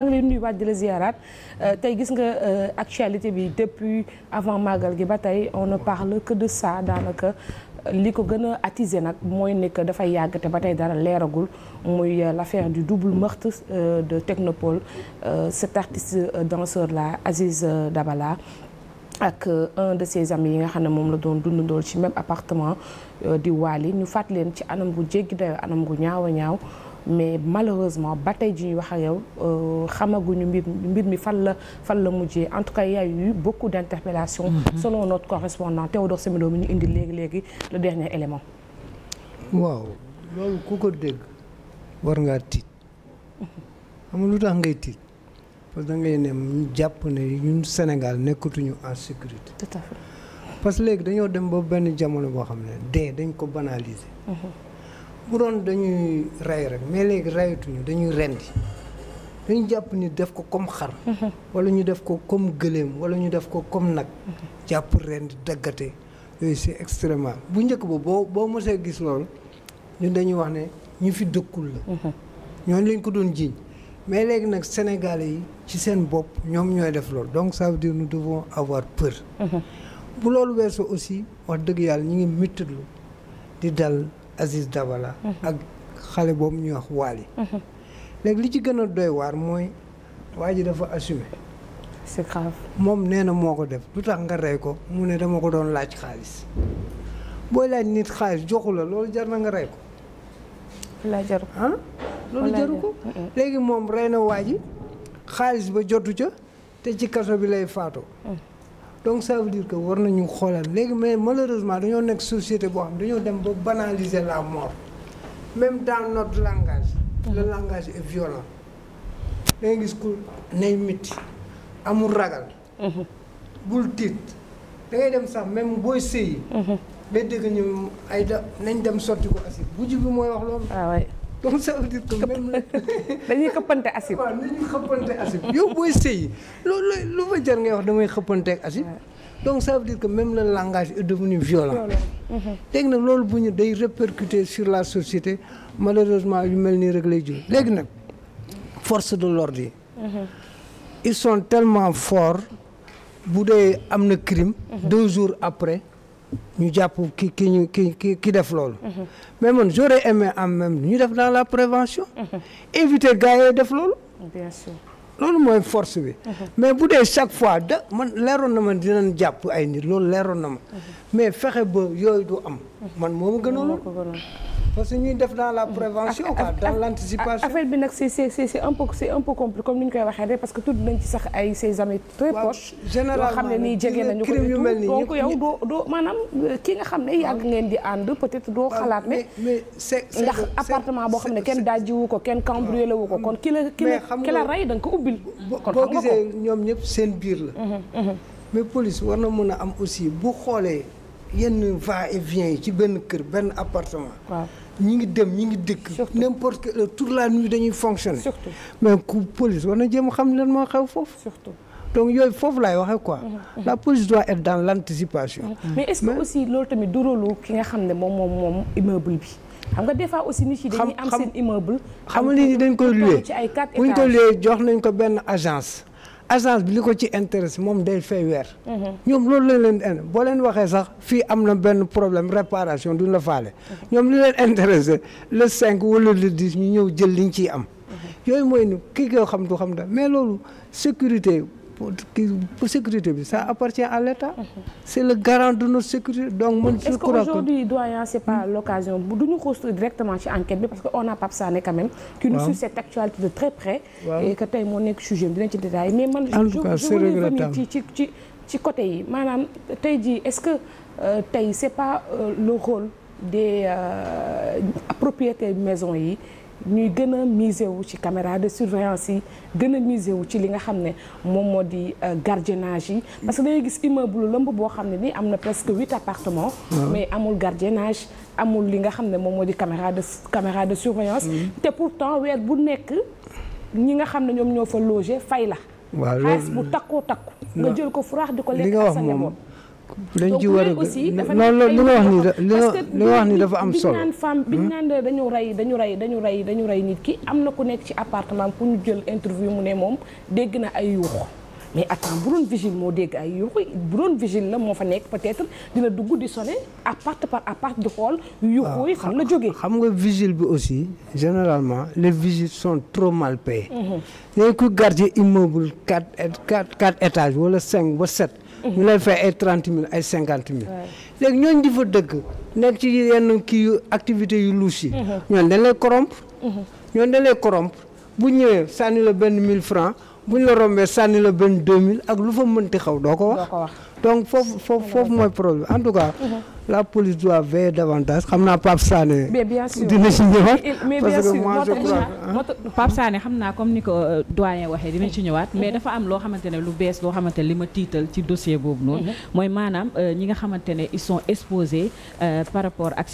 maa ngi leen nuyu waat ziaraat euh, tey gis nga euh, actualité bi depuis avant màggal gi ba tey on ne parle que de ça daanaka li ko gën a attisé nag mooy ne que dafay yàgg te ba tey dara leeragul muy euh, l'affaire du double meurtre de Technopole cet artiste danseur là Aziz Dabala ak un de ses amis yi nga xam ne moom la doon dundandool ci même appartement di Wally ñu fàtt leen ci anam gu jéggi dayoo anam gu ñaaw a ñaaw mais malheureusement ba tey ji ñuy wax ak yow euh, xamaguñu mbir mbir mi fan la fan la mujjee en tout cas il y a eu beaucoup d'interpellations mm-hmm. selon notre correspondant Théodore Semedo ñu indi léegi léegi le dernier élément waaw loolu ku ko dégg war ngaa tiit xam mm-hmm. lu tax ngay tiit parce da ngay ne ñun Sénégal nekkatuñu en sécurité tout à fait que léegi dañoo dem ba benn jamono boo xam ne dee dañ ko banaliser mm-hmm. bu doon dañuy rey rek mais léegi reyatuñu dañuy rendi dañu jàpp ni def ko comme xar wala ñu def ko comme gëléem wala ñu def ko comme nag jàpp rendi daggate yooyu c'est extrêmement bu njëkk ba boo boo mosee gis loolu ñun dañuy wax ne ñu fi dëkkul la ñooñu lañ ko doon jiiñ mais léegi nag Sénégalais yi ci seen bopp ñoom ñooy def lool donc sa veut dire nous avoir peur bu loolu weesoo aussi wax dëgg yàlla ñu ngi méttitlu di dal Aziz Dabala. Mhm. ak xale boobu ñuy wax Waly. Mhm. léegi li ci gën a doy waar mooy waa ji dafa assumé. c'est grave moom nee na moo ko def lu tax nga rey ko mu ne dama ko doon laaj xaalis booy laaj nit xaalis joxu la loolu jar na nga rey ko. la jaru loolu jaru ko. Ah? léegi moom rey na waa xaalis ba jotu ca te ci kaso bi lay faatoo. Mm. donc ça veut dire que war nañu xoolal léegi mais malheureusement dañoo nekk société boo xam dañoo dem ba banaliser la mort même dans notre langage le langage est violent da ngay gis ku nay miti amul ragal mhm. bul tiit da ngay dem sax même booy sëyi mhm. day dégg ñu ay da nañ dem sotti ko acide bu ji mooy wax loolu ah donc ça veut dire que même dañuy xëppante asib. waaw nañu xëppante asib yow booy sëy loolu lu fa jar ngay wax damay xëppante asib. donc ça dire que même la langage est devenu violent. Mm-hmm. léegi nag loolu bu ñu day répercuter sur la société malheureusement yu mel nii rek lay jur. léegi nag force de l'ordre yi. Mm-hmm. ils sont tellement forts bu dee am na crime. Mm-hmm. deux jours après. ñu jàpp ki ki ñu ki ki ki def loolu. Mm-hmm. mais man j'aurais aimé en ñu def dans la prévention. Mm-hmm. éviter gars yi def loolu. bien sûr loolu mooy force bi. Mm-hmm. mais bu dee chaque fois da man leeroon na ma dinañ jàpp ay nit loolu leeroon na ma. mais fexe ba yooyu du am. Mhm. man moomu gënoon la prévention quoi l' bi nag c' est c' waxee rek parce que tudd nañ ci sax ay ses très proches. généralement xam ne nii jege nañu ko nii donc yow doo doo maanaam euh, ki nga xam ne yàgg ngeen di ànd peut être doo xalaat ne. mais ndax appartement boo xam ne kenn daajiwu ko kenn cambriolé ko kon ki la ki la ki la rey da nga ko ubbil. kon boo gisee ñoom ñëpp seen biir la. Mhm, mhm. mais police war na mën a am aussi bu xoolee. yenn va et vient yi ci benn kër benn appartement. waaw ñi ngi dem ñi ngi dëkk. surtout n'importe que toute la nuit dañuy fonctionner. surtout mais ku police war na xam leen moo xew foofu. surtout donc yooyu foofu laay waxee quoi. Mm-hmm. Mm-hmm. la police doit être dans l'anticipation. Mm-hmm. mais est-ce loolu tamit du rôle ki nga xam ne moom moom moom immeuble bi. xam nga des fois aussi nit yi dañuy am seen immeuble. xam nga dañ koy loué. ci ay quatre étages bu jox nañ ko benn agence. agence bi li ko ci intéressé moom day fay weer. ñoom loolu leen di boo leen waxee sax fii am na benn problème réparation duñ la faale. ñoom li leen intéressé le cinq wala le dix ñu ñëw jël liñ ciy am. yooyu mooy ni kii nga xam du xam da mais loolu sécurité. pour sécurité bi sa appartient à l'État. Mhm. c'est le garant de notre sécurité donc man. je crois que est-ce que aujourd'hui doyen c'est pas l'occasion bu duñu xuus directement ci enquête parce que on a Pape Sané quand même. qui nous suit cette actualité de très près. et que tey moo nekk sujet dinañ ci détaillé mais man. en tout cas c'est ci ci côté yi maanaam tey jii est-ce que euh, tey c'est pas euh, le rôle des euh, propriétaires maisons yi. ñuy gën a misé wu ci caméra de surveillance yi gën a misé wu ci li nga xam ne moom moo di euh, gardiennage yi. parce que dañuy gis immeuble lëmb boo xam ne nii am na presque huit appartements. Ah. mais amul gardiennage amul li nga xam ne moom moo di caméra de caméra de surveillance. Mm. te pourtant weer bu nekk ñi nga xam ne ñoom ñoo fa logé fay la. waaw xaalis bu takkoo takku. nga jël ko furaax di ko lekk ak sa njaboot dañ ci war a aussi dafa nekk li nga wax ni li nga wax ni dafa am solo. biñ naan femme biñ hmm? naan dañu rey dañu rey dañu rey dañu rey nit ki am na ku nekk ci appartement ku ñu jël interview mu ne moom dégg na ay yuuxu. mais attends bu doon vigile moo dégg ay yuuxu bu doon vigile la moo fa nekk peut-être dina dugg di sonné appart par appart di xool yuuxu ah, yi fan la jógee xam nga vigile bi aussi généralement les vigiles sont trop mal payés léegi mhm. ku gardien immeuble quatre quatre quatre étages wala cinq ba sept ñu lay fay ay trente mille ay cinquante mille léegi ñooñ di fa dëkk nekk ci yenn kii yu activités yu louche yi mhm. ñoo dañ lay corrompre mhm. ñoon dañ bu ñëwee sànni la benn mille franc bu ñu rombee sànni la benn deux mille ak lu fa mënti xaw doo ko wax donc foofu foofu mooy problème en tout cas mhm. la police doit veiller davantage xam naa Pape Sané. mais bien sûr dina ci ñëwaat. moo tax ah. Pape Sané xam naa comme ni ko euh, doyen waxee dina ci ñëwaat. mais dafa am loo xamante ne lu bees loo xamante ne li ma tiital ci dossier boobu noonu. Mhm. mooy maanaam euh, ñi nga xamante ne son sont euh, par rapport ak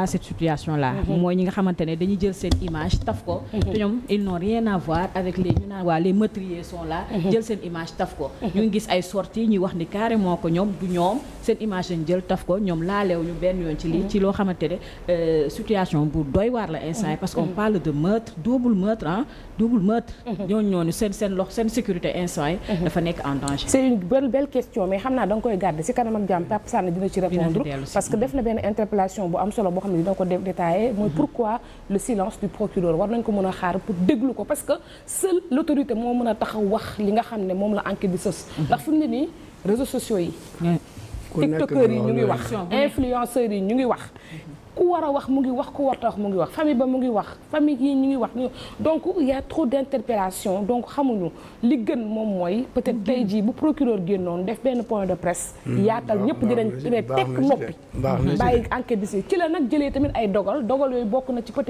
à cette situation là. Mhm. mooy ñi nga xamante ne dañuy jël seen image taf ko. Mhm. te ñoom ils n'ont rien à avec les ñu naan waa les meurtriers sont jël seen image taf ko. ñu ngi gis ay sorties ñuy wax ni carrément ko ñoom du ñoom seen image lañ jël taf ko ñoom laalew ñu benn yoon ci lii mhm. ci loo euh, mhm. parce mhm. seen seen lox seen sécurité instant yi dafa nekk en danger c'est une bonne belle koy garder si kanam ak jàmm Pape Sane dina ci répondre parce que def na benn interpellation bu am solo boo xam ne dina ko ko mën a xaar pour déglu ko parce que seule l'autorité moo mën a taxaw wax li nga xam ne moom la enquête bi sës ndax fu ne nii réseaux sociaux yi tiktokers yi ñu wax influenceurs yi wax ku war a wax mu ngi wax ku warta wax mu ngi wax famille ba mu ngi wax famille yi ñu ngi wax donc il y trop d'interpellation donc xamuñu li gën moom mooy peut-être mm-hmm. tey jii bu procureur génnoon def benn point de presse mm-hmm. yaatal ñëpp di ne tekk noppi bàyyi enquête bi si tamit ay dogal dogal yooyu bokk na ci peut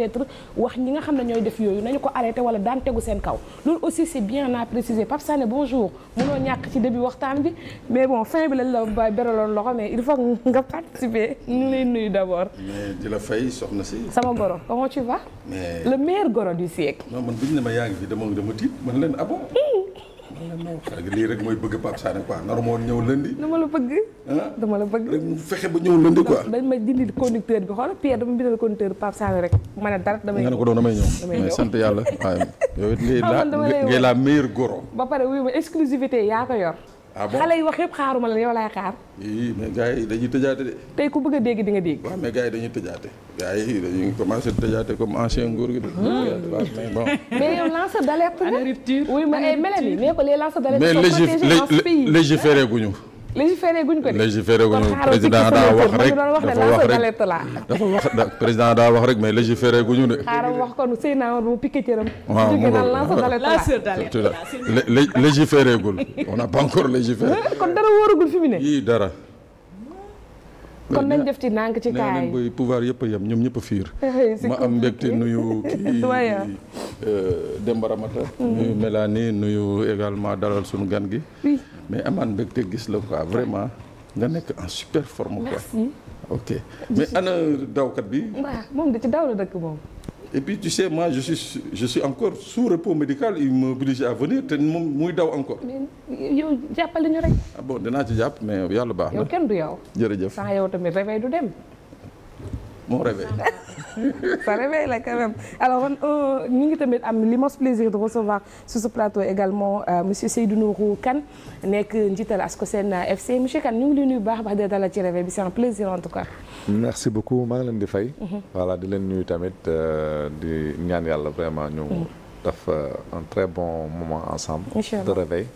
ñi nga xam ne ñooy def yooyu nañu ko arrêté wala daan tegu seen kaw loolu aussi c'est bien à préciser Pape Sané bonjour mënoo ñàkk ci début waxtaan bi mais bon fin bi lañ la ba beraloon loxo mais il faut nga participer ñu ngi lay nuyu d'abord di la fay soxna si. sama goro comment tu vas. mais le meilleur goro du siècle. non man bu ñu ne ma yaa ngi fi dama dama tiit man leen abo. Ah man lii rek mooy bëgg Pape Sané quoi nar moo ñëw lëndi. dama la bëgg. dama la bëgg. rek mu fexe ba ñëw lëndi quoi. dañ ma conducteur bi xoolal Pierre dama bindal conducteur Pape Sané rek ma ne dara damay. nga ne ko doon damay ñëw sant yàlla waaye yow it ngay la ngay la meilleur goro. ba pare wuyu ma exclusivité yaa ko yor. ah bon xale yi wax yëpp xaaruma la yow laay xaar. yii mais gars yi dañuy tëjaate de. tey ku bëgg a dégg di nga dégg. waaw mais gars yi dañuy tëjaate. gars yi dañuy commencé tëjaate comme ancien nguur gi de. Ah. mais bon. mais yow lanceur d'alerte la. ana rupture oui mais ay mélanie nee ko les lanceurs d'alerte. mais légiféré guñu. légiféré guñ ko de. légiféré guñ ko président daa wax rek dafa wax rek dafa wax président daa wax rek mais légiféré guñu de. xaaral wax ko nu Seydina Omar mu piqué cëram. waaw mu légiféré gul on n'a pas encore légiféré. kon dara wóoragul fi mu ne. yii dara. kon nañ def ci nànk ci kaay nee buy pouvoir yëpp a ñoom ñëpp a fiir ma am mbégte nuyu kii euh, Demba Ramata mm. nuyu Mélanie nuyu également dalal suñu gan gi mais amaan mbégte gis la quoi vraiment nga nekk en super forme quoi ok mais ana dawkat bi moom da ci daw la dëkk moom et puis tu sais moi je suis encore sous repos médical il m'oblige à venir te moom muy daw encore. mais yow jàppale ñu rek. ah bon dinaa ci jàpp mais yàlla baax na. yow kenn du yow. jërëjëf sans yow tamit réveil du dem. moom réveil. ça réveille là quand même alors euh, ñu ngi tamit am l'immense plaisir de recevoir sur ce plateau également euh, monsieur Seydou Nourou Kane nekk njiital Ascosen FC monsieur Kane kan ngi lay nuyu bu baax a baax di ci réveil bi c'est un plaisir en tout cas. merci beaucoup maa ngi leen di fay. Mhm. voilà di leen nuyu tamit euh, di ñaan yàlla vraiment ñu. Mhm. def euh, un très bon moment ensemble. de réveil.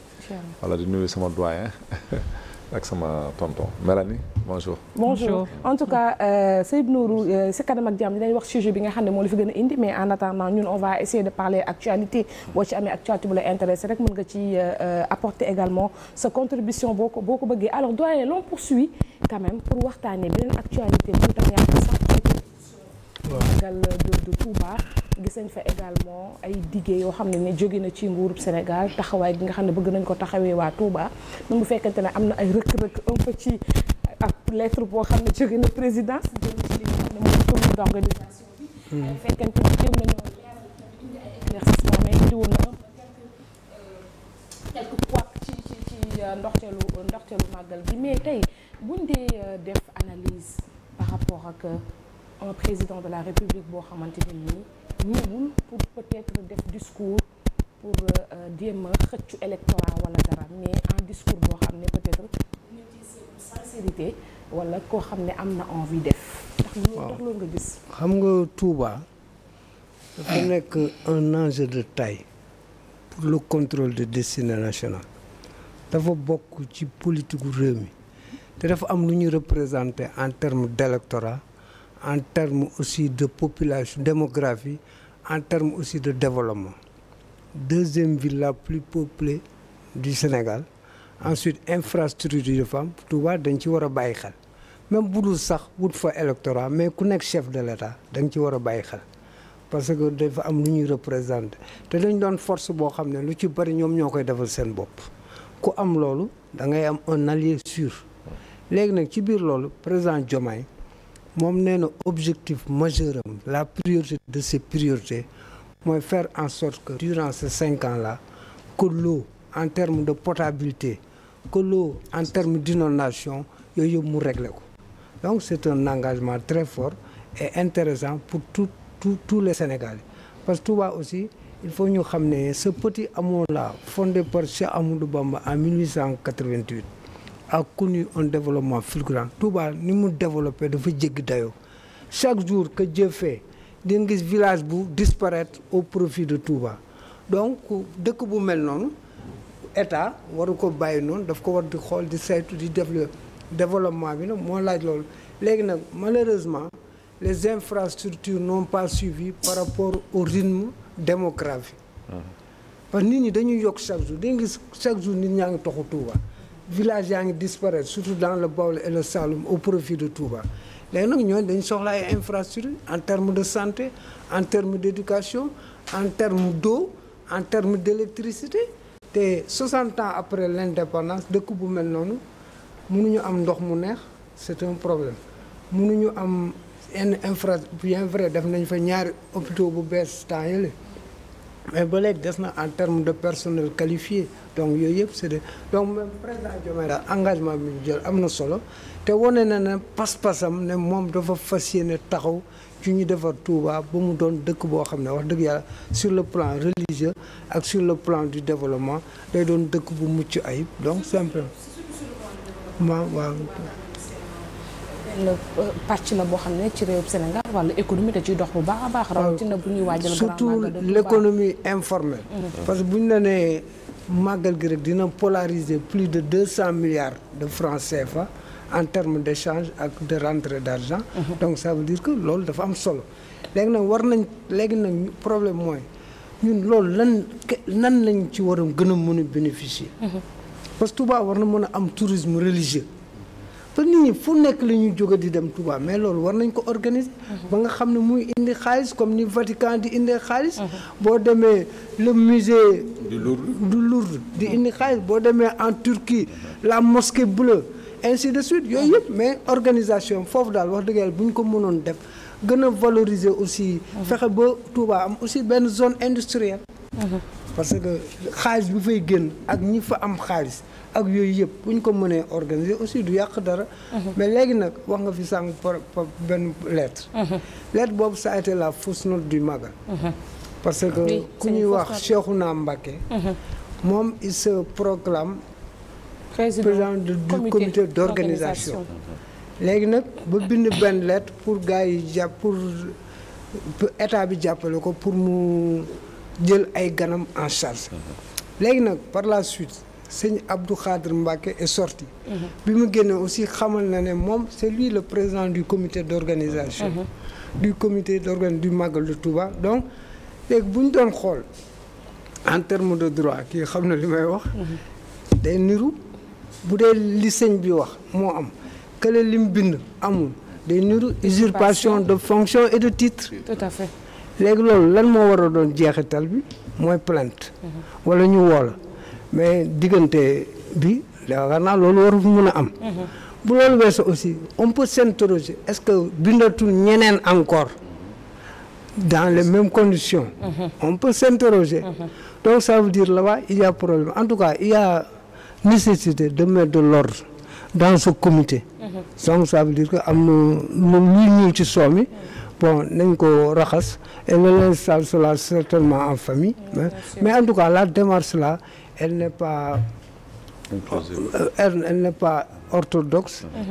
voilà di nuyu sama doyen. ak sama tonton Mélanie bonjour. bonjour en tout cas euh, Seydou Nourou euh, si kanam ak jàmm dinañ wax sujet bi nga xam ne moo la fi gën a indi mais en attendant ñun on va essayer de parler actualité boo ci amee actualité bu la intéressé rek mën nga ci euh, apporter également sa contribution boo ko boo ko bëggee alors doyen l'on poursuit quand même pour waxtaanee beneen actualité bu ñu magal euh, de de Touba gis nañ fa également ay diggé yoo xam ne ne jóge na ci nguurub Sénégal taxawaay bi nga xam ne bëgg nañ ko taxawee waa Touba même bu fekkante ne am na ay rëkk-rëkk un peu ci ak lettre boo xam ne jóge na présidence jëm ci li hmm. euh, euh, ndoxteelu ndoxteelu màggal gi mais tey buñ dee def analyse par rapport ak un président de la république boo xamante ne nii ñëwul pour peut-être def discours pour euh, euh, jéem xëccu électorat wala dara mais un discours boo xam ne peut-être ñu koo xam ne am na envie def. tax loolu nga gis. xam nga Touba. dafa nekk un enjeu de taille. pour le contrôle de destinée nationale. dafa bokk ci politique réew mi. te dafa am lu ñu représenté en terme d'électorat en terme aussi de population démographie en termes aussi de développement deuxième ville la plus peuplée du Sénégal ensuite infrastructure de femmes Touba dañ ci war a bàyyi xel même bu dul sax wut fa électorat mais ku nekk chef de l'État dañ ci war a bàyyi xel parce que dafa am lu ñuy représenter te dañ doon force boo xam ne lu ci bari ñoom ñoo koy defal seen bopp ku am loolu da ngay am un allié sûr léegi nag ci biir loolu président Diomaye moom nee na objectif majeur am la priorité de ses priorités mooy faire en sorte que durant ces cinq ans là que en termes de potabilité que en termes d'inondation yooyu yëpp mu réglé ko donc c'est un engagement très fort et intéressant pour tout tout tous les Sénégalais parce que waa aussi il faut ñu xam ne ce petit hameau là fondé par Cheikh Amadou Bamba en 1888 ak connu un développement fulgurant Touba ni mu développé dafa jéggi dayoo chaque jour que Dieu fait di nga village bu disparaitre au profit de Touba donc dëkk bu mel noonu état waru ko bàyyi noonu daf ko war di xool di saytu di def le développement bi nag moo laaj loolu léegi nag malheureusement les infrastructures n'ont pas suivi par rapport au rythme démographique parce que nit ñi dañuy yokk chaque jour di nga gis chaque jour nit ñaa ngi toxu Touba village yaa ngi disparaître surtout dans le Baol et le Saloum au profit de Touba léegi nag ñooñu dañ soxla ay en termes de santé en terme d' éducation en terme d' en terme d' électricité te 60 ans après l' indépendance dëkk bu mel noonu mënuñu am ndox mu neex c' est un problème mënuñu am yenn infra bien vrai def nañ fa ñaari hôpitaux bu bees temps yële mais ba léegi des na en terme de personnel qualifié donc yooyu yëpp c'est de donc même président Diomaye daal engagement bi ñu jël am na solo te wane na ne pas-pasam ne moom dafa fas yéene taxaw ci ñu defar Touba ba mu doon dëkk boo xam ne wax dëgg yàlla sur le plan religieux ak sur le plan du développement day doon dëkk bu mucc ayib donc simplement waaw la pàcc la boo xam ne ci réewum Sénégal wàllu économie da ciy dox bu baax a baax. rawatina bu ñuy waajal surtout l' économie informelle. Mm-hmm. parce que bu ñu la nee màggal gi rek dina polariser plus de deux cent milliards de francs CFA en terme d' échange ak de rentrée d' argent. Mm-hmm. donc ça veut dire que loolu dafa am solo. léegi nag war nañ léegi nag problème mooy ñun loolu lan nan lañ ci war a gën a mën a bénéficier. Mm-hmm. parce que Touba war na mën a am tourisme religieux. te nit ñi fu nekk la ñuy jóge di dem Touba mais loolu war nañ ko organiser. Mhm. ba nga xam ne muy indi xaalis comme ni Vatican di indi xaalis. Mhm. boo demee le musée. du Lourdes di mhm. indi xaalis boo demee en Turquie la mosquée bleue ainsi de suite yooyu yëpp mais organisation foofu daal wax dëgg yàlla bu ñu ko mënoon def. gën a valoriser aussi. fexe ba Touba am aussi benn zone industrielle. parce que xaalis bi fay génn ak ñi fa am xaalis. ak yooyu yëpp bu ñu ko mënee organiser aussi du yàq dara. Mhm. mais léegi nag wax nga fi sànq par benn lettre. Mhm. lettre boobu ça a la fausse note du Magal. Mhm. parce que ku ñuy wax Cheikhouna Mbacké. moom il se proclame. président du comité d'organisation. léegi nag ba bind benn lettre pour gars yi jàpp pour état bi jàppale ko pour mu jël ay ganam en charge. léegi nag par la suite. sëñ Abdou Khadr Mbacke est sorti. bi mu génnee aussi xamal na ne moom c'est lui le président du comité d'organisation. Mhm. du commité d'organisation du Magal de Touba donc léegi bu ñu doon xool en terme de droit ki xam na li may wax. Mhm. day niru bu dee li sëñ bi wax moo am li mu bind amul day niru usurpation de fonction et de titre. à fait léegi loolu lan moo war a doon jeexital bi mooy plaint mhm. wala ñu woo mais diggante bi yaakaar naa loolu waru mun a am. bu loolu weesoo aussi on peut s'interroger est-ce que bindatul ñeneen encore dans les mêmes conditions. Mm-hmm. on peut s'interroger. Mm-hmm. donc ça veut dire là-bas il problème en tout cas il y a nécessité de mettre de l'ordre dans ce comité. Mm-hmm. donc ça dire que am na lu ñuul ci soow mi bon nañ ko raxas et le linge sale certainement en famille. Mm, mais en tout cas la démarche là. elle n'est pas euh, elle, elle n'est pas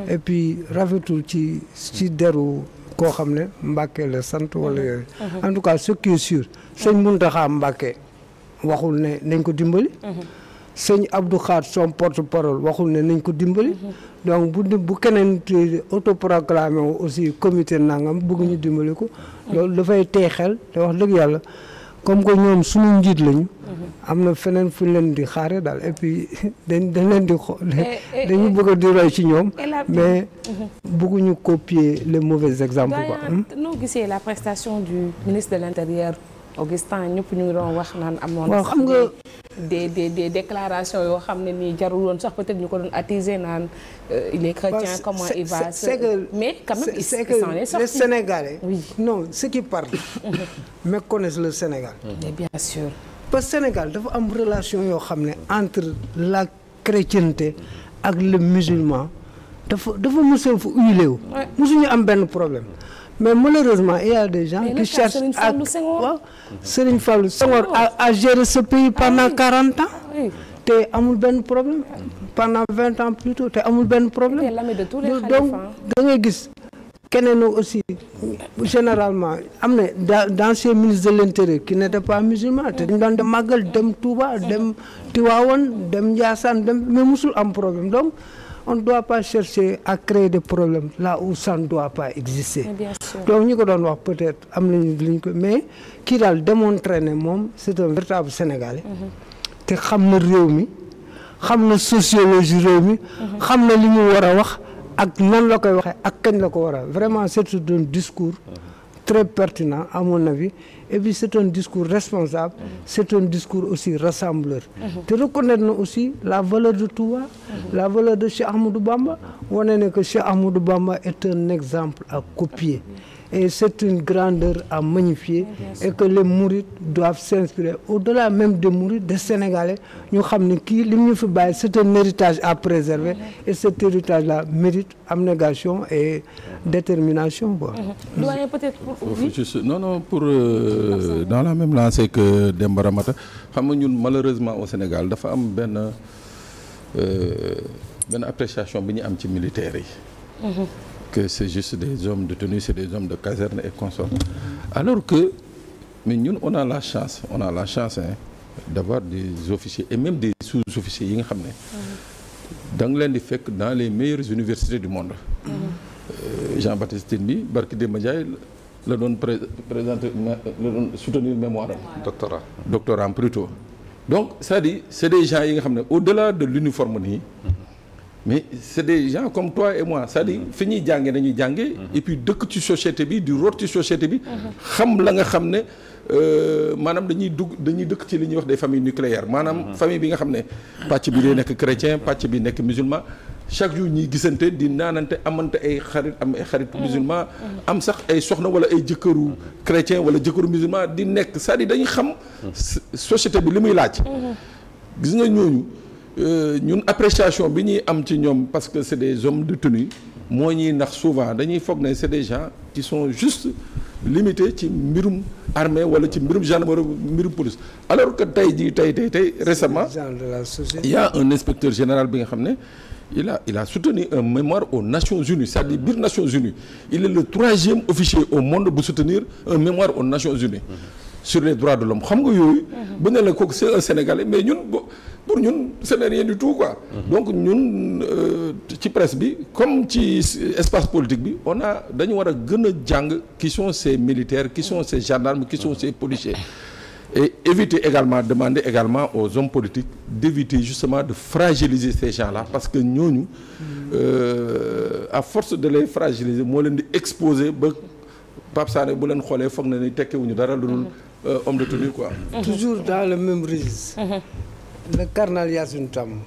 et puis rafetul ci ci deru koo xam ne Mbàkke la sant wala yooyu en tout cas ce qui est sûr sëñ Muntaxa Mbàkke waxul ne nañ ko dimbali sëñ Abdou Khadre son porte-parole waxul ne nañ ko dimbali donc bu bu keneen autoproclamé aussi comité nangam bëgg dimbali ko loolu dafay tey xel te wax dëgg yàlla comme que ñoom suñu njiit lañu. Mhm. am na feneen fu leen di xaare daal et puis dañ dañ leen di xo eh, eh, eh. dañu bëgg a di roy ci ñoom mais mhm. bëgguñu copier les mauvais exemples quoi hmm? noo gisee la prestation du ministre de l'intérieur Augustin ñëpp ñu ngi doon wax naan amoon. waaw xam nga des de des déclarations yoo xam ne nii jarul woon sax peut-être ñu ko doon attiser naan euh, il est chrétien comment il mais quand même il s'en est sorti les Sénégalais. oui non ceux le Sénégal. Mm-hmm. mais bien sûr. parce que Sénégal dafa am relation yoo xam ne entre la chrétienté ak le musulman dafa dafa mos a fu uyuleewu. musuñu am benn problème. mais malheureusement il y a des gens mais qui cherchent à waaw Serigne Fallou Senghor a géré ce pendant ah quarante ans ah te amul benn problème pendant vingt ans plutôt te amul benn problème donc da ngay gis keneen aussi généralement am na d'anciens ministres de l'intérieur qui n'étaient pas musulmans te dañ doon dem màggal dem Touba dem Tivaouane dem Ndiassane dem mais musul am problème donc on ne doit pas chercher à créer des problèmes là où ça ne doit pas exister. donc ñu ko doon wax peut-être am nañu li ñu ko mais kii daal démontrer ne moom c'est un véritable Sénégalais. Mm-hmm. te xam na réew mi xam na sociologie réew mi. Mm-hmm. xam na li ñu war a wax ak nan la koy waxee ak kañ la ko war a vraiment c'est un discours. Mm-hmm. très pertinent à mon avis et puis c'est un discours responsable c'est un discours aussi rassembleur mhm. te reconnaître na aussi la valeur de Touba mhm. la valeur de Cheikh Ahmadou Bamba wane ne que Cheikh Ahmadou Bamba est un exemple à copier mhm. et c'est une grandeur à magnifier et que les mourides doivent s'inspirer au-delà même des mourides de Sénégalais ñu xam ne kii li ñu fi bàyyi c'est un héritage à préserver et cet héritage là mérite am négation détermination quoi. Euh, doyen pour non non pour euh, dans la même lancée que Demba Ramata xam nga ñun malheureusement au Sénégal dafa am benn euh, benn appréciation bi ñu am ci militaires yi. Mhm. que c'est juste des hommes de tenue c'est des hommes de caserne et consorts alors que mais ñun on a la chance on a la chance hein d'avoir des officiers et même des sous-officiers yi nga xam ne da leen di fekk dans les meilleures universités du monde euh, Jean-Baptiste Tine bi barki Demba la doon présenter la doon soutenir mémoire am doctorat doctorat am donc cest à c'est des gens yi nga xam ne au-delà de l'uniforme nii mais c' est des gens comme tois et moi cest à mm-hmm. fi ñuy jànge nañuy jànge mm-hmm. et puis dëkk ci société bi di root ci société bi mm-hmm. xam la nga xam ne euh, maanaam dañuy dugg dañuy dëkk ci li ñuy wax de familles nucléaires maanaam famille bi nga xam ne pàcc bi day nekk chrétien pàcc bi nekk musulman chaque jour ñuy gisante di naanante amante ay xarit am ay xaritu musulman am sax ay soxna wala ay jëkkëru chrétien wala jëkkëru musulman di nekk c'est-à-dire dañuy xam société bi li muy laaj gis nga ñooñu Euh, ñun appréciation bi ñuy am ci ñoom parce que c'est des hommes de tenue moo ñuy nax souvent dañuy foog ne c'est des gens qui sont juste limités ci mbirum armée wala ci mbirum gendarmerie mbirum police alors que tey jii tey tey tey récemment il y a un inspecteur général bi nga xam ne il a il a soutenu un mémoire aux Nations Unies c'est-à-dire mm-hmm. biir Nations Unies il est le troisième officier au monde bu soutenir un mémoire aux Nations Unies mm-hmm. sur les droits de l'homme xam nga yooyu mm-hmm. bu ne la kooku c'est un Sénégalais pour ñun ce n'est rien du tout quoi. Mhm. donc ñun euh, ci presse bi comme ci espace politique bi on a dañu war a gën a jàng qui sont ces militaire qui sont ces gendarmes qui sont ces policiers. et éviter également demander également aux hommes politiques d'éviter justement de fragiliser ces gens la parce que ñooñu mhm. euh, à force de les fragiliser moo leen di exposer ba Pape bu leen xoolee foog na ni tekkewuñu dara lu dul euh, homme de tenue quoi. toujours dans le même le carnal Yacine Thiam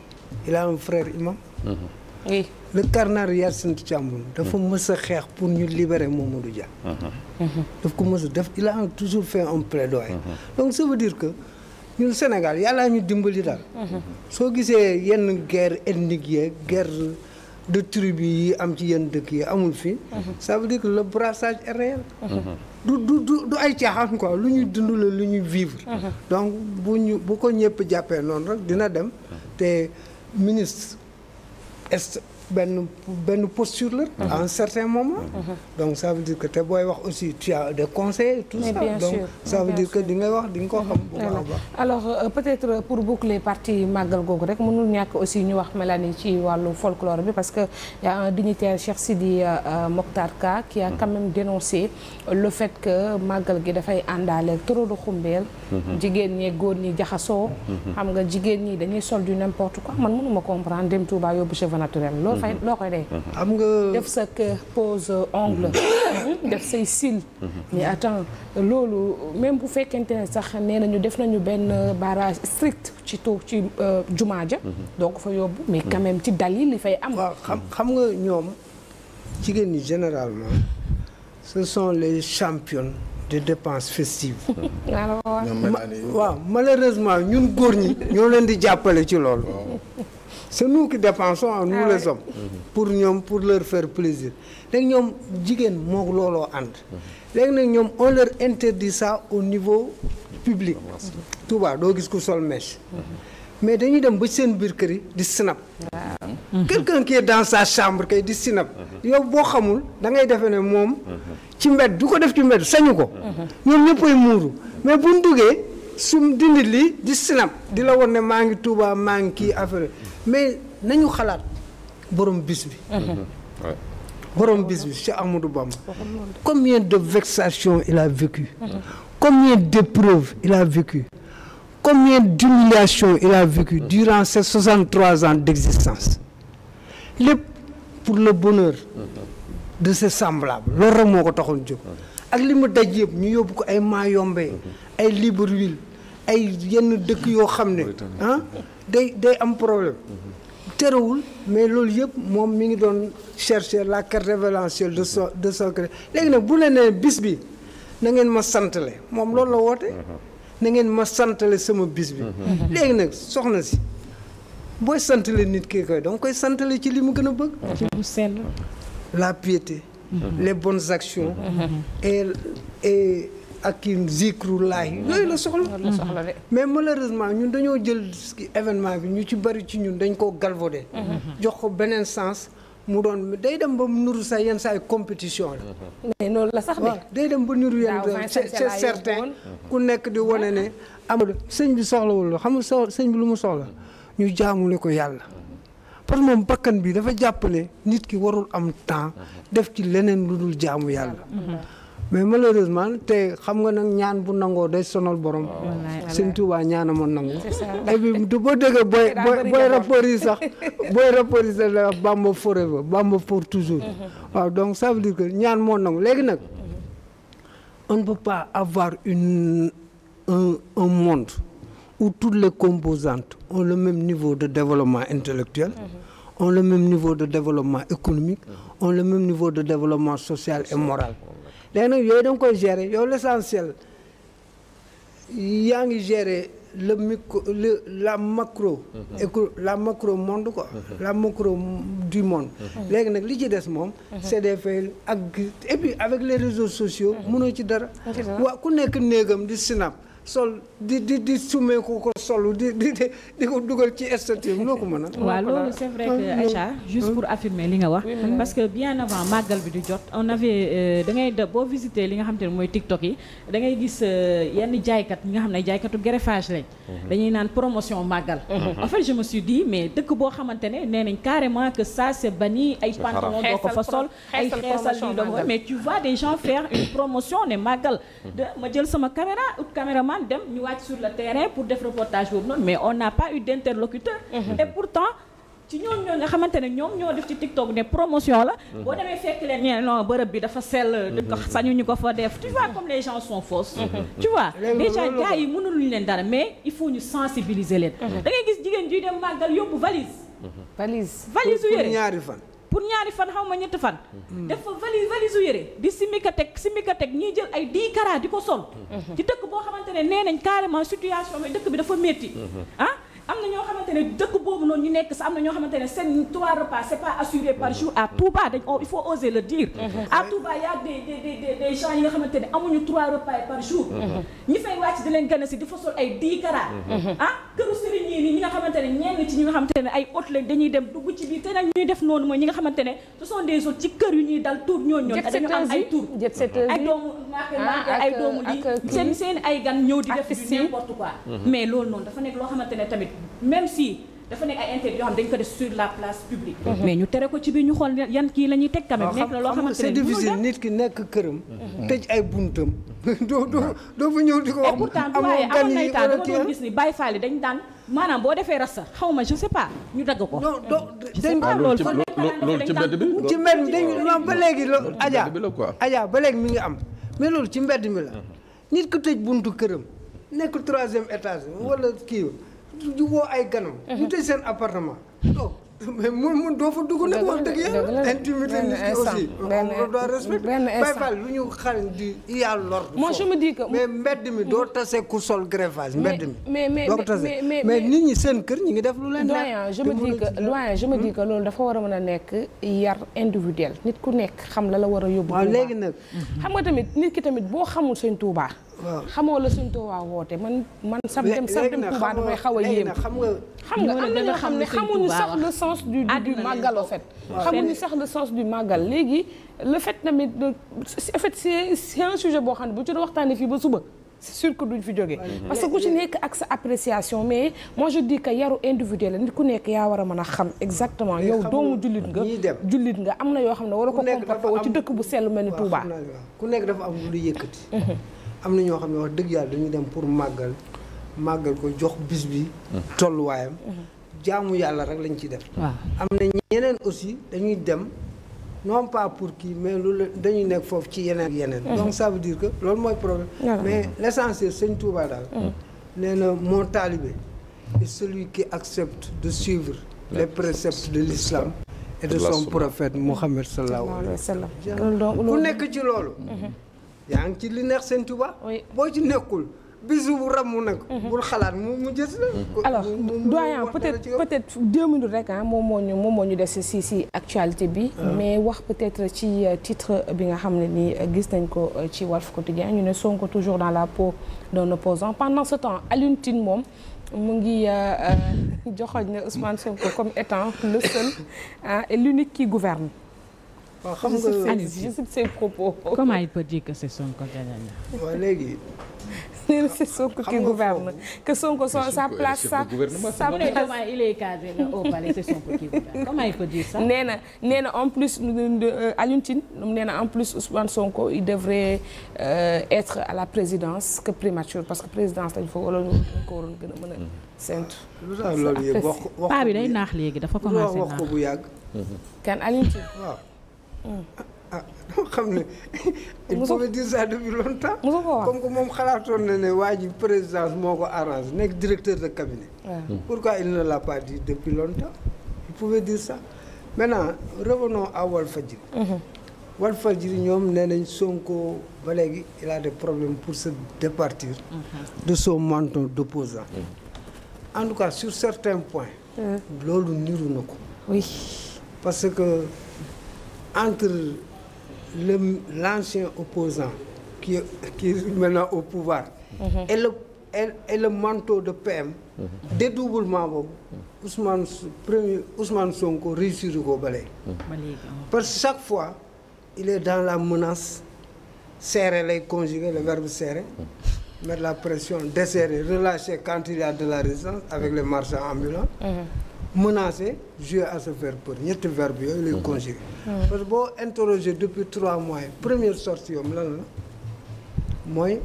il a un imam. Mm-hmm. oui le carnal Yacine Thiam. dafa mës a xeex pour ñu libérer Mamadou Dia. Mm-hmm. Mm-hmm. daf ko mës a def il a toujours fait un plaidoyer. donc ça veut dire que ñun Sénégal yàlla ñu dimbali daal. soo gisee yenn guerre ethnique yeeg guerre. de tribu yi am ci yenn dëkk yi amul fii. Mhm. ça veut dire que le brassage réel. Mhm. du ay caaxaan quoi lu ñuy dund la lu ñuy vivre. Mhm. donc bu ñu bu ko ñëpp jàppee noonu rek dina dem te ministre benn benn posture la. Mhm. à un certain moment. Mhm. Mhm. donc ça veut dire te booy wax aussi tu as des conseils. tout ça que di ngay wax di ko xam bu baax a peut-être euh, pour boucler partie màggal googu rek mënul ñàkk aussi ñu wax Mélanie ci wàllu folklore bi parce que y a un dignitaire Cheikh Sidi euh, euh, Mokhtar Ka qui a quand même dénoncé le fait que màggal gi dafay àndaale trop de xumbeel. jigéen ñee góor ñi jaxasoo. xam nga jigéen ñi dañuy sol du n'importe quoi man mënuma comprendre dem t yóbbu cheveux naturel loolu. fay loo koy dee. Mhm. am nga def sa pose ongle. Mhm. def say cils. Mhm. mais attends loolu même bu fekkente ne sax nee nañu def nañu benn barrage strict ci toog ci euh, jumaa ja donc fa yóbbu mais quand ci dal yi li fay am. xam nga ñoom jigéen ñi généralement ce sont les champions. de dépenses festives. waaw malheureusement ñun góor ñi. ñoo leen di jàppale ci loolu. c'est nous qui dépensons nous ah, les hommes pour ñoom pour leur faire plaisir léegi ñoom jigéen moo looloo ànd léegi nag ñoom on leur interdit ça au niveau public Touba doo gis ku sol mèche mais dañuy dem ba seen biir kër yi di sinap quelqu'un qui dans sa chambre kay di sinap yow boo xamul da ngay defee ne moom ci mbedd du ko def ci mbedd sañu ko ñoom ñëppay muuru mais buñ duggee sum dindi li di sinap di la won ne maa ngi Touba maa ngi kii affaire mais nañu xalaat borom bis bi borom bis bi Cheikh Ahmadou Bamba combien de vexations il a vécu combien d'épreuves il a vécu combien d'humiliations il a vécu durant ses 63 ans d'existence lépp pour le bonheur de ses semblables loolu rek moo ko taxoon jóg ak li mu daj yëpp ñu yóbbu ko ay Mayombe ay Libreville ay yenn dëkk yoo xam ne ah day day am problème terewul mais loolu yëpp moom mi ngi doon chercher la carte révélationnelle de son de son créé léegi nag bu ne nee bis bi na ngeen ma santale moom loolu la woote uh-huh. na ngeen ma santale sama bis bi uh-huh. léegi nag soxna si booy santale nit ki koy danga koy santale ci li mu gën a bëgg uh-huh. ci bu sell la piété les bonnes actions et ak in zikrullahi mm-hmm. yooyu la soxla mm-hmm. mais malheureusement ñun dañoo jël événement bi ñu ci bari ci ñun dañ koo galvaudé mm-hmm. jox ko beneen sens mu doon day dem ba mu nuru sax yenn saa yi compétition la. mais la sax de. day dem ba nuru yenn c'est certain ku nekk di wane ne. amul sëñ bi soxlawul loo xam nga sëñ bi lu mu soxla ñu jaamule ko yàlla. parce que moom bakkan bi dafa jàpp nit ki warul am temps def ci leneen lu dul jaamu yàlla. mais malheureusement te xam nga nag ñaan bu nangoo de sonal borom. Ah. Sëñ Tuubaa ñaan moon nangu. et puis du boo déggee booy booy sax booy rapport sax la Bamba forever Bamba pour toujours. Uh-huh. waaw donc ça veut dire que ñaan moo nangu léegi nag uh-huh. on ne peut pas avoir une un un monde où toutes les composantes ont le même niveau de développement intellectuel. Uh-huh. ont le même niveau de développement économique. ont le même niveau de développement social et moral. léegi nag yooyu da koy gérer yow l'essentiel yaa ngi gérer le micro la macro. Mhm. éco la macro monde quoi. Mhm. la macro du monde. Mhm. léegi nag li ci des moom. c'est des faits ak et avec les réseaux sociaux. mënoo ci dara. ku nekk néegam di synap. sol di di di sumee ko ko sol di di di ko dugal ci esthétique loo ko mën a. waaw loolu c'est vrai que Aïcha juste pour affirmer li nga wax. parce que bien avant màggal bi di jot on avait euh, da ngay boo visiter li nga xam te ne mooy TikTok yi da ngay gis euh, yenn jaaykat yi nga xam ne jaaykatu greffage lañ. Mhm. dañuy naan promotion màggal. Mhm. en fait je me suis dit mais dëkk boo xamante ne nee nañ carrément que ça c'est banni ay pantalon doo ko fa sol. ay xeesal lii doo mais tu des nationale dem ñu wàcc sur le terrain pour def reportage boobu noonu mais on n'a pas eu d'interlocuteur mm-hmm. et pourtant ci ñoom ñoo nga xamante ñoom ñoo def ci TikTok ne promotion la mm-hmm. boo demee fekk leen ñee bërëb bi dafa sell mm-hmm. sañu ñu ko fa def tu vois comme les gens sont fausses tu vois déjà gars yi mënuluñu leen dara mais il faut ñu sensibiliser leen da gis jigéen juy dem màggal yóbbu valise valise valise su pour ñaari fan xaw ma ñetti fan. def fa valise valise su yére di simika teg simika teg ñiy jël ay 10 carats di ko sol. Mm-hmm. ci dëkk boo xamante ne nee nañ carrément situation bi dëkk bi dafa métti. Mm-hmm. ah am na ñoo xamante ne dëkk boobu noonu ñu nekk sa am na ñoo xamante ne seen trois repas c'est pas assuré par jour à Touba dañ il faut oser le dire mm-hmm. nga xamante ne amuñu trois repas par jour mm-hmm. ñi fay a si di fa sol ay mm-hmm. ah këru sëriñ dañuy dem dugg ci biir te nag ñuy def noonu mooy ñi nga xamante ne ce sont des ci kër yu ñuy dal tour ñooñu ñoon dañu am ay tour ah, ay doomu lii seen seen ay gan ñëw di def n'importe quoi mais loolu noonu dafa nekk loo xamante ne tamit même si dafa nekk ay intérêt yoo xam dañ ko def sur la place publique. Mhm. ñu tere ko ci biir ñu xool yan kii la ñuy teg quand même. nekk na loo xamante ne c'est difficile nit ki nekk këram. Mhm. tëj ay buntam. doo doo doo fa ñëw di ko wax. amoo gan yi pourtant waaye amoon na itam dama doon ni Baye Fall yi dañ daan maanaam boo defee rassa xaw ma je sais pas ñu dagg ko. non dañ ko loolu ci mbedd bi. ci mbedd bi dañu non ba léegi loolu. Adja Adja ba mi ngi am mais ci mbedd mi la. Mhm. nit ku tëj buntu këram nekk troisième étage wala kii di woo ay ganam. Mhm. ñu tëj seen appartement. donc oh, mun mun doo fa dugg nag wax dëgg yàlla. intimité lu ñu xal di yaa lor. moi me dis que mais mbedd mi doo tase ku mais mais mais nit ñi seen kër ñi ngi def lu leen doyen je me dis hmm. que loolu dafa war a mën a nekk yar individuel nit ku nekk xam la la war a yóbbu. waaw léegi nag. Hmm. xam nga tamit nit ki tamit boo xamul sëñ Tuubaa. waaw xamoo la suñ Tuubaa woote man man sam dem sam dem Tuubaa damay xaw a yéem xam nga xam nga am na ñoo xam ne xamuñu sax le sens du du màggal au fait xamuñu sax le sens du màggal léegi le fait tamit en fait c'est c'est sujet boo xam ne bu ci doon waxtaanee fii ba suba c'est sûr que duñ fi jógee parce que ku ci nekk ak sa appréciation mais moi je dis yaru individuel la nit ku nekk yaa war a mën a xam exactement yow doomu jullit nga jullit nga am na yoo xam ne war a ko comporté woo dëkk bu sell mel ni Touba ku nekk dafa am lu yëkkati mhm. am na ñoo xam ne wax dëgg yàlla dañuy dem pour màggal màggal ko jox bis bi. Hmm. tolluwaayam. Hmm. jaamu yàlla rek lañ ci def. am na ñeneen aussi dañuy dem non pas pour kii mais loolu dañuy nekk foofu ci yeneen yeneen. Hmm. donc ça veut dire que loolu mooy problème. mais l' essentiel sëñ Touba daal. nee na mon talibé est celui qui accepte de suivre les préceptes de l'islam et de son prophète Mohammed sallallahu alayhi wa sallam nekk ci loolu. yaa ngi ci li neex seen Tuubaa boo ci nekkul bisu bu ramu nag. Mhm. bul xalaat mu mu jës mhm. alors doyen peut-être peut-être deux minutes rek ah moom moo ñu moom moo ñu des si si actualité bi. Ah. mais wax peut-être ci euh, titre bi nga xam ne nii euh, gis nañ ko euh, ci Walf Quotidien ñu ne Sonko toujours dans la peau d'un opposant pendant ce temps Alioune Tine moom. mu ngi joxoñ ne Ousmane Sonko comme étant le seul et l'unique qui gouverne. waaw xam nga je cite ses comment il peut dire que c'est Sonko gagné. waaw léegi. Sonko qui gouverne que Sonko son sa place sa sa place. il est cadré na nee na en plus euh, Alioune Tine nee na en plus Ousmane Sonko il devrait euh, être à la présidence que primature parce que présidence dañu fa wala ñu gën a mën a mhm. séntu. loolu bi day naax léegi dafa commencé naax. Mhm. kan Alioune Mm. ah dama ah, xam ne. il pouvait dire ça depuis longtemps. comme que moom xalaatoon na ne waa présidence moo ko arrange nekk directeur de cabinet. Mm. pourquoi il ne l'a pas dit depuis longtemps. il pouvait dire ça maintenant revenons à Walfadjri. Mm-hmm. Walfadjri ñoom nee Sonko ba léegi il a des problèmes pour se départir. Mm-hmm. de son manteau d'opposant en tout cas sur certains points. loolu niru na ko. parce que. entre le l'ancien opposant qui est, qui est maintenant au pouvoir mhm. et le manteau de PM mhm. dédoublement boobu Ousmane premier Sonko réussir ko bale mhm. ah. parce que chaque fois il est dans la menace serrer lay conjuguer le verbe serrer mettre la pression desserrer relâcher quand il de la résistance avec les marchands ambulants menacer jouer à se faire peur ñetti verbe yooyu lay mhm. conjugué parce que boo interrogé depuis trois mois yi première sortie yoom lan la mooy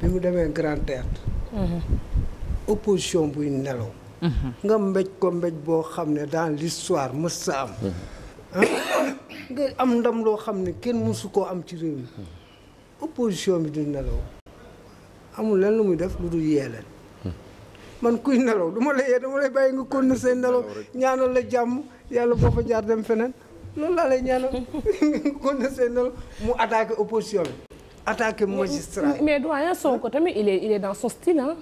bi mu demee grand théâtre mhm. opposition buy nelaw mhm. nga mbéj ko mbéj boo xam ne dans l'histoire mës sa am nga am ndam loo xam ne kenn mosu koo am ci réew mi opposition bi du nelaw amul lenn lu muy def lu dul yeeleen man kuy nelaw du ma la yee dama lay bàyyi nga kon na say nelaw ñaanal la jàmm yàlla boo fa jaar dem feneen loolu laa lay ñaanal nga kon na nelaw mu attaque opposition bi attaqué magistrat mais, mais doyen Sonko tamit il est dans son style hein.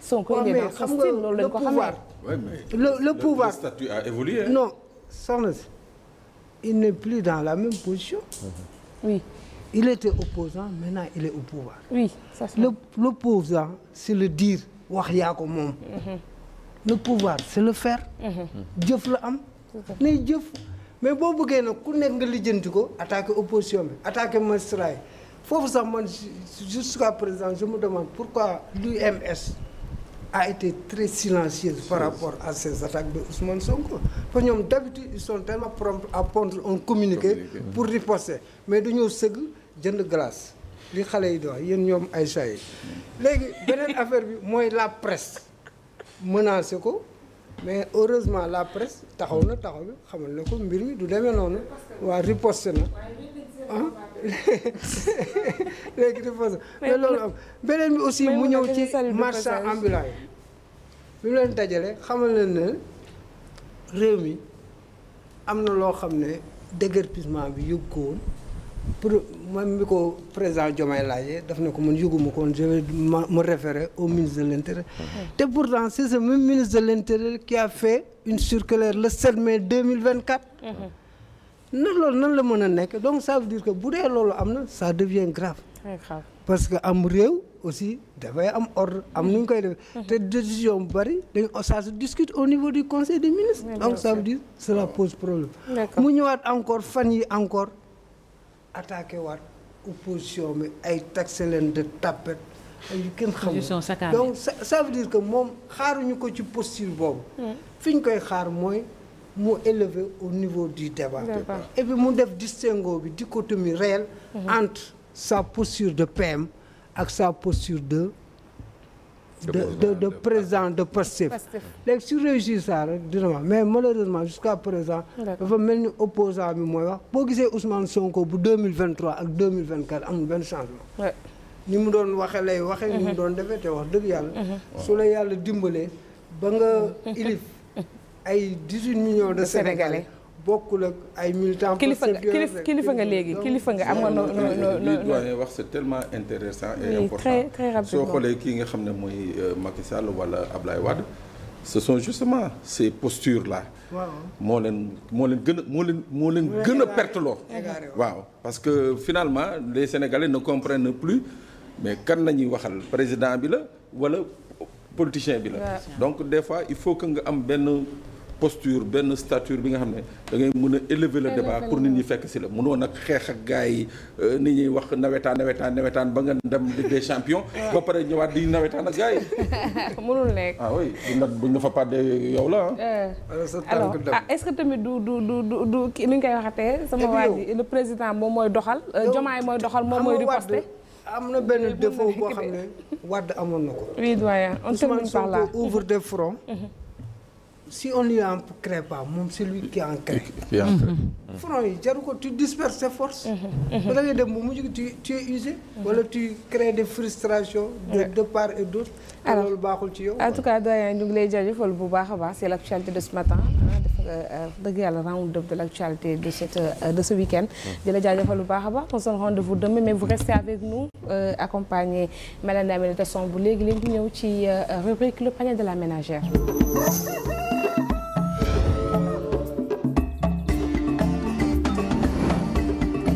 Sonko il est dans son style loolu lañ ko xamee le le pouvoir le statut a évolué. non soxna il n'est plus dans la même position. Mm-hmm. oui. il était opposant maintenant il est au pouvoir. oui ça c'est l'opposant le dire. wax yaa ko moom. Mhm. le pouvoir c'est le faire. Mhm. jëf la am. Mhm. nay jëf mais boo bëggee nag ku nekk nga lijjanti ko attaquer opposition bi attaquer magistrat yi foofu sax man jusqu'à présent je me demande pourquoi l'UMS a été très silencieuse par rapport à ces attaques de Ousmane Sonko parce que ñoom d'habitude ils sont tellement prompts à pontre un communiqué pour riposter mais dañoo sëgg jënd glace. li xale yi di wax yéen ñoom ay saa léegi beneen affaire bi mooy la presse menacé ko mais heureusement la presse taxaw na taxaw bi xamal na ko mbir mi du demee noonu waa riposte na léegi riposte mais loolu am beneen bi aussi mu ñëw ci marchand ambulant yi bi mu leen dajale xamal leen ne réew mi am na loo xam ne déguerpissement bi yóbbu ko pour man mi ko président Diomaye laajee daf ne ko man yëguma koon je vais me référer au ministre de te pourtant c'est ce même ministre de l'intérieur qui a fait une circulaire le 7 mai 2024 mm-hmm. nan loolu nan la mën a nekk donc sa veut dire que bu dee loolu am na sa devient grave très grave parce que am réew aussi dafay am ordre am nu ñu koy def mm-hmm. te décision bu bëri dañ ça se discute au niveau du conseil des ministres donc ça veut dire cela pose problème mu ñëwaat encore fan yi encore attaqué waat opposition bi ay taxé leen de tapet ay yu kenn xamul donc ça veut dire que moom xaaruñu ko ci posture boobu hmm. fi ñu koy xaar mooy mu élevé au niveau du débat et puis mu def distinguo bi di dichotomie réelle hmm. entre sa posture de PM ak sa posture de de de président de Pastef léegi su réussir ça rek dina ma mais malheureusement jusqu'à présent dafa mel ni opposant bi mooy wax boo gisee Ousmane Sonko bu 2023 ak 2024 amul benn changement ni mu doon waxee lay waxee ni mu mhm. doon defee te wax dëgg yàlla mhm. su la yàlla dimbalee ba nga ilif ay 18 million de Sénégalais bokkul ak ay militants. kilifa nga kilifa nga léegi kilifa nga am nga no no no doyen wax c'est tellement soo xoolee kii nga xam ne mooy euh, Macky Sall wala Ablaye Wade ce sont justement ces postures là. moo leen moo leen gën moo leen moo leen gën a perte loo. waaw parce que finalement les Sénégalais ne comprennent plus mais kan la ñuy waxal président bi la wala politicien bi la. donc des fois il faut que nga am benn. posture benn stature bi nga xam ne da ngay mën a élever le débat pour nit ñi fekk si la mënoo nag xeex ak gars yi euh, nit ñuy wax nawetaan nawetaan nawetaan ba nga dem Ligue des ba pare ñëwaat di nawetaan ak gars yi mënul nekk ah oui buñ la buñ la fa pàddee yow la ah. euh. alors ah, est-ce que tamit du du du du ki ni ñu koy waxatee sama waa ji le président moom mooy doxal jomaay euh, mooy doxal moom mooy riposte am na benn défaut boo xam ne Wade amoon na ko oui doyen on termine si on li en crée pas moom c'est lui qui en crée. Mhm. front yi jaru ko tu disperses ses dem ba mujj tu tu mhm. tu crées des frustrations. de de part et d'autre. alors loolu baaxul ci yow. en tout cas doyen ñu ngi lay jaajëfal bu baax a baax c'est l'actualité de ce matin. Euh, euh, dëgg yàlla round-up de l'actualité de cette euh, de ce week-end lu baax a baax on se donne rendez-vous demain mais vous restez avec nous accompagner Mélanie Aminata Samb bu léegi leen di ñëw ci rubrique le panier de la ménagère